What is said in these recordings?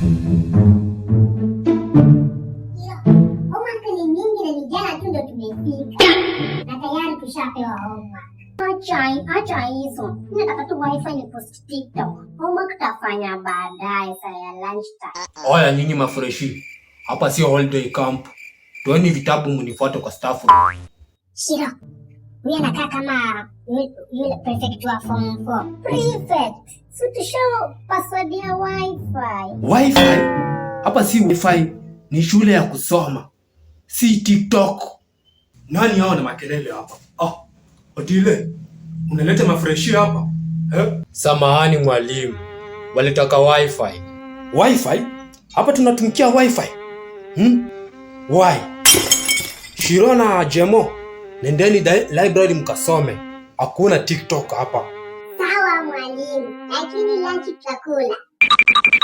Homework ni hizo, nataka tu wifi ni post TikTok. Homework tafanya baadaye saa ya lunch time. Oya nyinyi mafreshi, hapa sio holiday camp. Toeni vitabu mnifuate kwa staff. Shiro, huyu anakaa kama yule prefect wa form 4. Prefect, si tushao password ya wifi wifi. Hapa si wifi, ni shule ya kusoma, si TikTok. Nani hao na makelele hapa? Oh, ah, Otile, unaleta mafreshi hapa eh? Samahani mwalimu, walitaka wifi. Wifi hapa tunatumikia wifi hmm? Why? Shiro na Jemo, nendeni library mkasome, hakuna TikTok hapa. Sawa mwalimu, lakini lunch tutakula.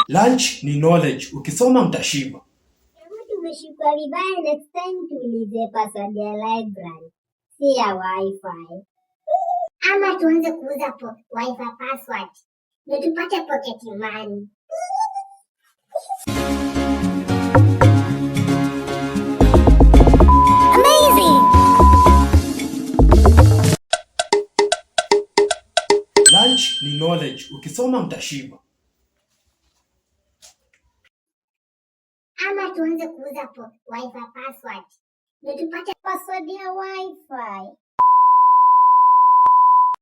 Lunch ni knowledge. Ukisoma mtashiba. Kama tumeshikwa vibaya next time tuulize password ya library. Si ya wifi. Ama tuanze kuuza wifi password. Ndio tupate pocket money. Lunch ni knowledge. Ukisoma mtashiba. Kama tuanze kuuza wifi password, ndio tupate de wi wifi.